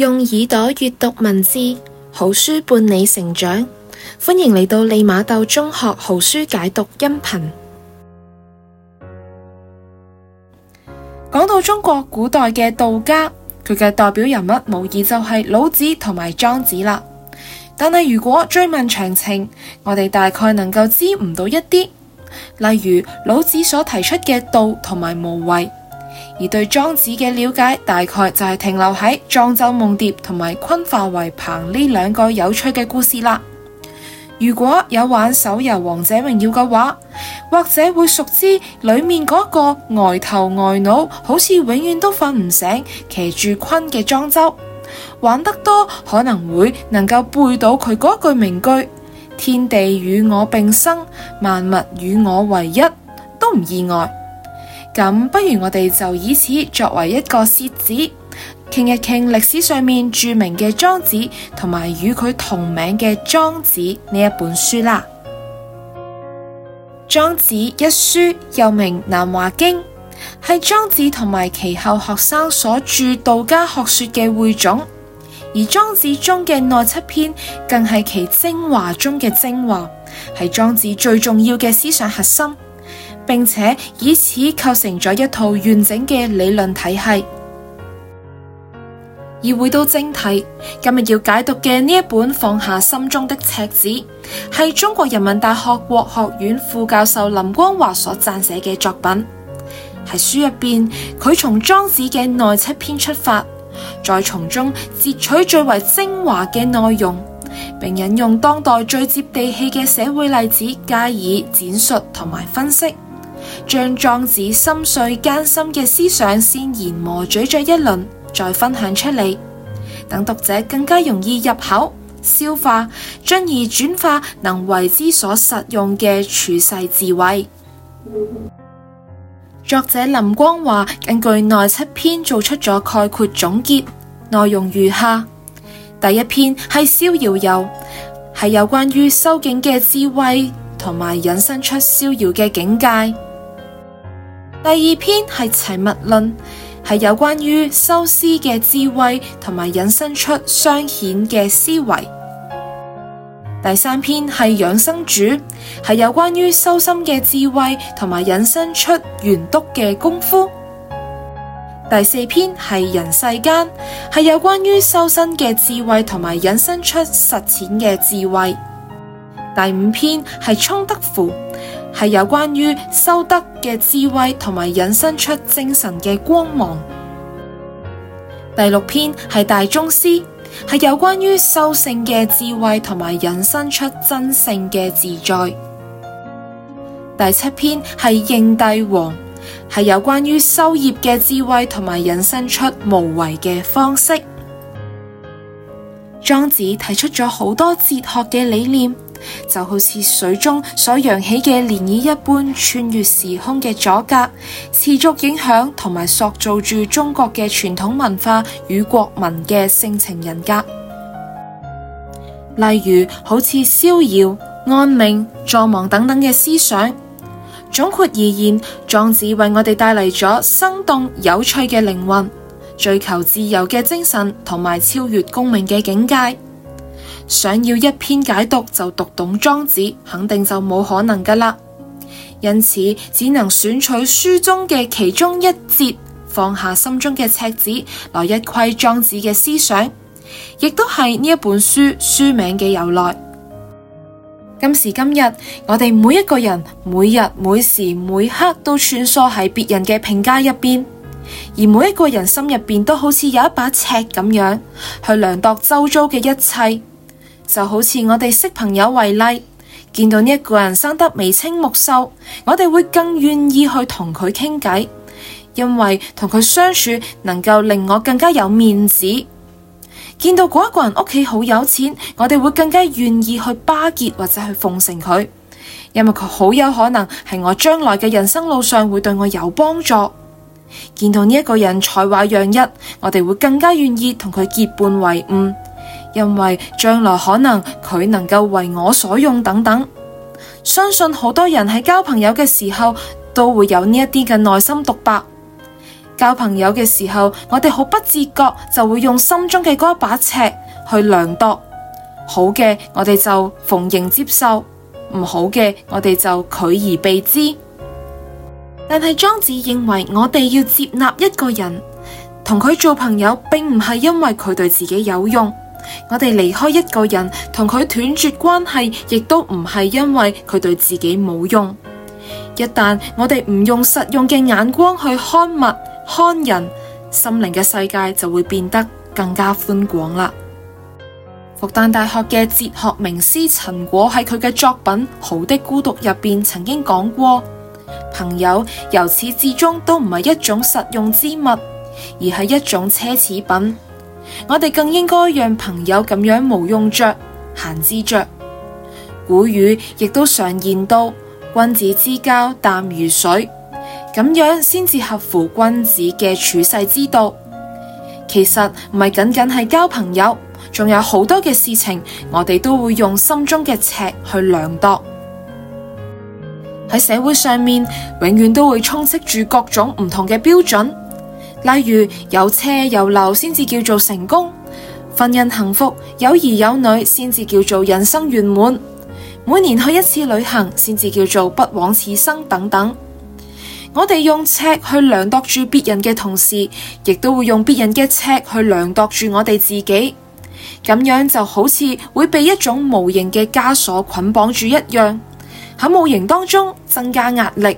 用耳朵閱讀文字，好書伴你成長。歡迎嚟到利馬竇中學好書解讀音頻。講到中國古代嘅道家，佢嘅代表人物無疑就係老子同埋莊子啦。但係如果追問詳情，我哋大概能夠知唔到一啲，例如老子所提出嘅道同埋無為。而對莊子嘅了解，大概就係停留喺莊周夢蝶同埋鯤化為鵬呢兩個有趣嘅故事啦。如果有玩手遊王者榮耀嘅話，或者會熟知裏面嗰個呆頭呆腦、好似永遠都瞓唔醒、騎住鯤嘅莊周。玩得多可能會能夠背到佢嗰句名句：天地與我並生，萬物與我為一，都唔意外。咁，不如我哋就以此作為一個楔子，傾一傾歷史上面著名嘅莊子，同埋與佢同名嘅《莊子》呢一本書啦。莊子一書又名《南華經》，係莊子同埋其後學生所著道家學說嘅匯總，而莊子中嘅內七篇更係其精華中嘅精華，係莊子最重要嘅思想核心。並且以此構成咗一套完整嘅理論體系。而回到正題，今日要解讀嘅呢一本《放下心中的尺子》，係中國人民大學國學院副教授林光華所撰寫嘅作品。喺書入邊，佢從莊子嘅內七篇出發，再從中截取最為精華嘅內容，並引用當代最接地氣嘅社會例子加以展述同埋分析。將莊子深邃艱辛嘅思想先研磨咀嚼一輪，再分享出嚟，等讀者更加容易入口消化，進而轉化能為之所實用嘅處世智慧。 作者林光華，根據內七篇做出咗概括總結，內容如下：第一篇係逍遙遊，係有關於修境嘅智慧，同埋引申出逍遙嘅境界。第二篇係齊物論，係有關於修思嘅智慧，同埋引申出相顯嘅思維。第三篇係養生主，係有關於修心嘅智慧，同埋引申出緣督嘅功夫。第四篇係人世間，係有關於修身嘅智慧，同埋引申出實踐嘅智慧。第五篇係充德符。係有關於修德嘅智慧，同埋引申出精神嘅光芒。第六篇係大宗師，係有關於修性嘅智慧，同埋引申出真性嘅自在。第七篇係應帝王，係有關於修業嘅智慧，同埋引申出無為嘅方式。莊子提出咗好多哲學嘅理念。就好似水中所揚起嘅漣漪一般，穿越時空嘅阻隔，持續影響同埋塑造住中國嘅傳統文化與國民嘅性情人格。例如，好似逍遙、安命、坐忘等等嘅思想。總括而言，莊子為我哋帶嚟咗生動有趣嘅靈魂，追求自由嘅精神同埋超越功名嘅境界。想要一篇解讀就讀懂莊子，肯定就冇可能㗎喇。因此只能選取書中嘅其中一節，放下心中嘅尺子來一窺莊子嘅思想，亦都係呢本書書名嘅由來。今時今日，我哋每一個人每日每時每刻都穿梭喺別人嘅評價入邊，而每一個人心入邊都好似有一把尺咁樣去量度周遭嘅一切。就好似我哋識朋友為例，見到呢一個人生得眉清目秀，我哋會更願意去同佢傾偈，因為同佢相處能夠令我更加有面子。見到嗰一個人屋企好有錢，我哋會更加願意去巴結或者去奉承佢，因為佢好有可能係我將來嘅人生路上會對我有幫助。見到呢一個人才華洋溢，我哋會更加願意同佢結伴為伍。因為將來可能佢能夠為我所用，等等。相信好多人喺交朋友嘅時候都會有呢一啲嘅內心獨白。交朋友嘅時候，我哋好不自覺就會用心中嘅嗰把尺去量度。好嘅，我哋就逢迎接受；唔好嘅，我哋就拒而避之。但係莊子認為，我哋要接納一個人，同佢做朋友，並唔係因為佢對自己有用。我哋離開一個人，同佢斷絕關係，亦都唔係因為佢對自己冇用。一旦我哋唔用實用嘅眼光去看物、看人，心靈嘅世界就會變得更加寬廣啦。復旦大學嘅哲學名師陳果喺佢嘅作品《好的孤獨》入面曾經講過：「朋友由始至終都唔係一種實用之物，而係一種奢侈品。我哋更應該讓朋友咁樣無用着閒之着，古語亦都常言道，君子之交淡如水，咁樣先至合乎君子嘅處世之道。其實唔係僅僅係交朋友，仲有好多嘅事情，我哋都會用心中嘅尺去量度。喺社會上面，永遠都會充斥住各種唔同嘅標準。例如有車有樓先至叫做成功，婚姻幸福有兒有女先至叫做人生圓滿，每年去一次旅行先至叫做不枉此生等等。我哋用尺去量度住別人嘅同時，亦都會用別人嘅尺去量度住我哋自己，咁樣就好似會被一種無形嘅枷鎖捆綁住一樣，喺無形當中增加壓力，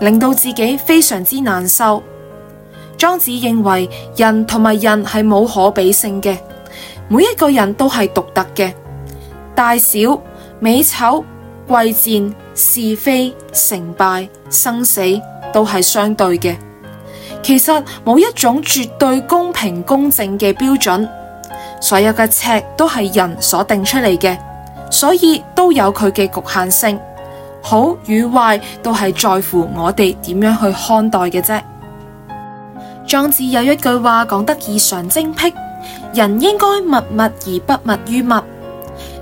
令到自己非常之難受。莊子認為人同埋人係冇可比性嘅，每一個人都係獨特嘅，大小、美醜、貴賤、是非、成敗、生死都係相對嘅。其實冇一種絕對公平公正嘅標準，所有嘅尺都係人所定出嚟嘅，所以都有佢嘅局限性。好與壞都係在乎我哋點樣去看待嘅啫。莊子有一句話講得異常精闢，人應該物物而不物於物。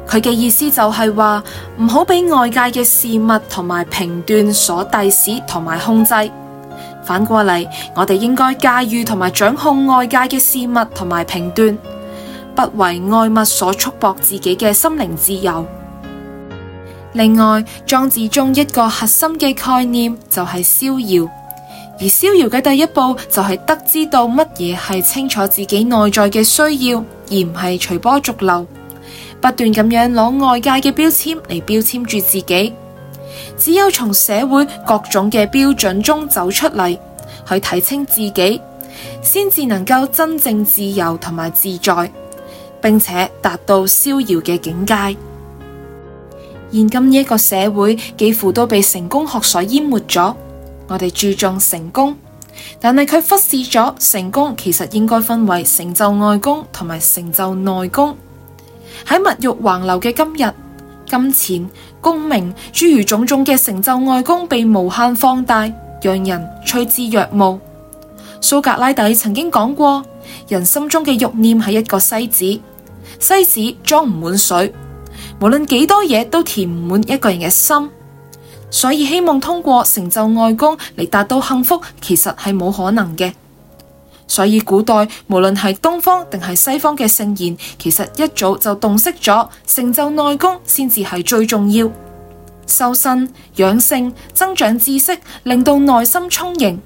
佢嘅意思就係話唔好俾外界嘅事物同埋評斷所帝使同埋控制。反過嚟，我哋應該駕馭同埋掌控外界嘅事物同埋評斷，不為外物所束縛，自己嘅心靈自由。另外，莊子中一個核心嘅概念就係逍遙。而逍遙嘅第一步就係得知道乜嘢，係清楚自己內在嘅需要，而唔係隨波逐流，不斷咁樣攞外界嘅標籤嚟標籤住自己。只有從社會各種嘅標準中走出嚟，去睇清自己，先至能夠真正自由同埋自在，並且達到逍遙嘅境界。現今呢一個社會幾乎都被成功學所淹沒咗。我哋注重成功，但係佢忽視咗成功其實應該分為成就外功同埋成就內功。喺物欲橫流嘅今日，金錢、功名諸如種種嘅成就外功被無限放大，讓人趨之若鶩。蘇格拉底曾經講過，人心中嘅欲念係一個篩子，篩子裝唔滿水，無論幾多嘢，都填唔滿一個人嘅心。所以希望通過成就外功嚟達到幸福，其實係冇可能嘅。所以古代無論係東方定係西方嘅聖賢，其實一早就洞悉咗，成就內功先至係最重要。修身養性，增長知識，令到內心充盈，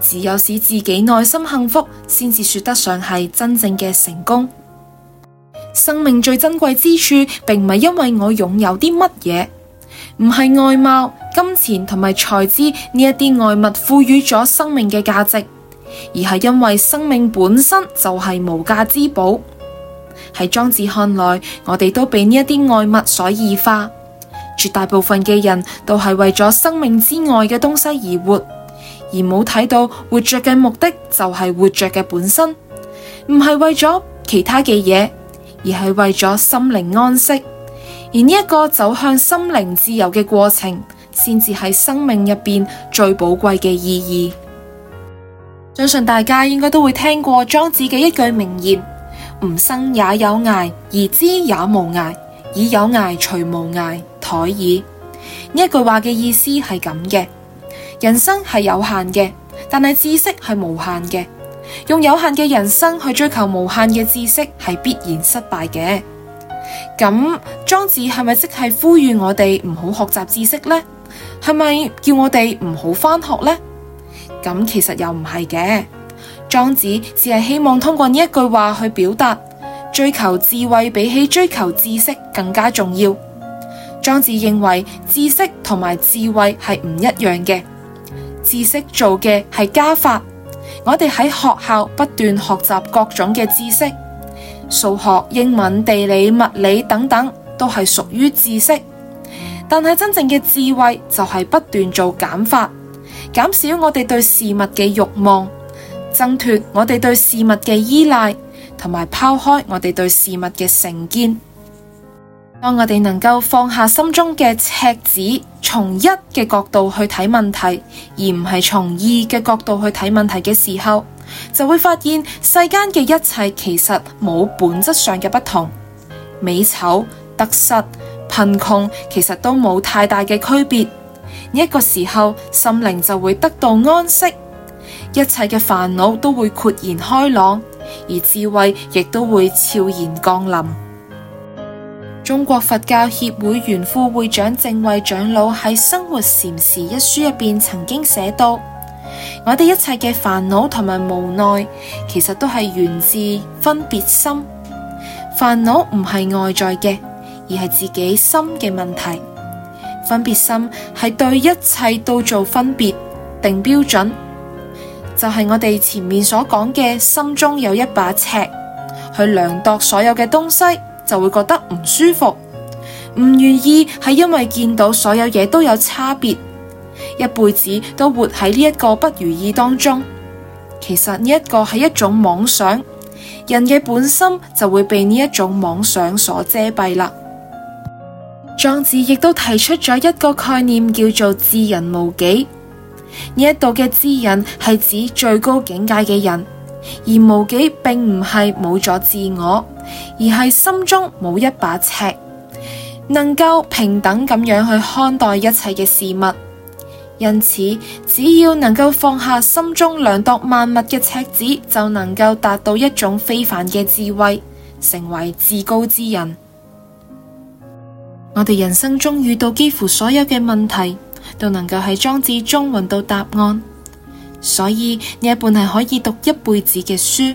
只有使自己內心幸福，先至說得上係真正嘅成功。生命最珍貴之處，並唔係因為我擁有啲乜嘢。唔係外貌、金錢同埋財資呢一啲外物賦予咗生命嘅價值，而係因為生命本身就係無價之寶。喺莊子看來，我哋都俾呢一啲外物所異化，絕大部分嘅人都係為咗生命之外嘅東西而活，而冇睇到活着嘅目的就係活着嘅本身，唔係為咗其他嘅嘢，而係為咗心靈安息。而呢一個走向心靈自由嘅過程，先至係生命入面最寶貴嘅意義。相信大家應該都會聽過莊子嘅一句名言：吾 生也有涯，而知也無涯，以有涯隨無涯，殆矣。呢句話嘅意思係咁嘅：人生係有限嘅，但係知識係無限嘅。用有限嘅人生去追求無限嘅知識，係必然失敗嘅。咁莊子係咪即係呼籲我哋唔好學習知識呢？係咪叫我哋唔好返學？呢咁其實又唔係嘅，莊子只是係希望通過呢一句話去表達，追求智慧比起追求知識更加重要。莊子認為知識同埋智慧係唔一樣嘅，知識做嘅係加法，我哋喺學校不斷學習各種嘅知識。數學、英文、地理、物理等等，都係屬於知識。但係真正嘅智慧就係不斷做減法，減少我哋對事物嘅慾望，掙脫我哋對事物嘅依賴，同埋拋開我哋對事物嘅成見。當我哋能夠放下心中嘅尺子，從一嘅角度去睇問題，而唔係從二嘅角度去睇問題嘅時候，就會發現世間嘅一切其實冇本質上嘅不同，美醜得失貧窮其實都冇太大嘅區別。一、這個時候心靈就會得到安息，一切嘅煩惱都會豁然開朗，而智慧亦都會悄然降臨。中國佛教協會原副會長淨慧長老喺《生活禪師》一書入邊曾經寫道。我哋一切嘅煩惱同埋無奈，其實都係源自分別心。煩惱唔係外在嘅，而係自己心嘅問題。分別心係對一切都做分別，定標準，就係我哋前面所講嘅心中有一把尺去量度所有嘅東西，就會覺得唔舒服，唔願意係因為見到所有嘢都有差別。一輩子都活喺呢一個不如意當中，其實呢一個係一種妄想，人嘅本心就會被呢一種妄想所遮蔽啦。莊子亦都提出咗一個概念，叫做至人無己。呢一度嘅至人係指最高境界嘅人，而無己並唔係冇咗自我，而係心中冇一把尺，能夠平等咁樣去看待一切嘅事物。因此，只要能夠放下心中量度萬物嘅尺子，就能夠達到一種非凡嘅智慧，成為至高之人。 我哋人生中遇到幾乎所有嘅問題，都能夠喺莊子中揾到答案。所以呢一本係可以讀一輩子嘅書，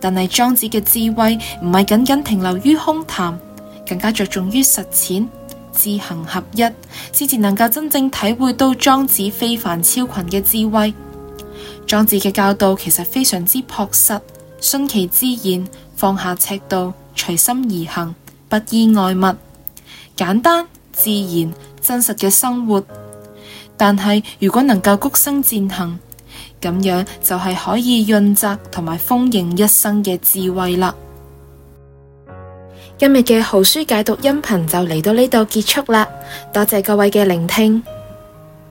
但係莊子嘅智慧唔係僅僅停留於空談，更加着重於實踐。知行合一，先至能夠真正體會到莊子非凡超群嘅智慧。莊子嘅教導其實非常之朴實，順其自然，放下尺度，隨心而行，不依外物，簡單自然、真實嘅生活。但係如果能夠谷生漸行，咁樣就係可以潤澤同埋豐盈一生嘅智慧啦。今日嘅好書解讀音頻就嚟到呢度結束啦，多謝各位嘅聆聽。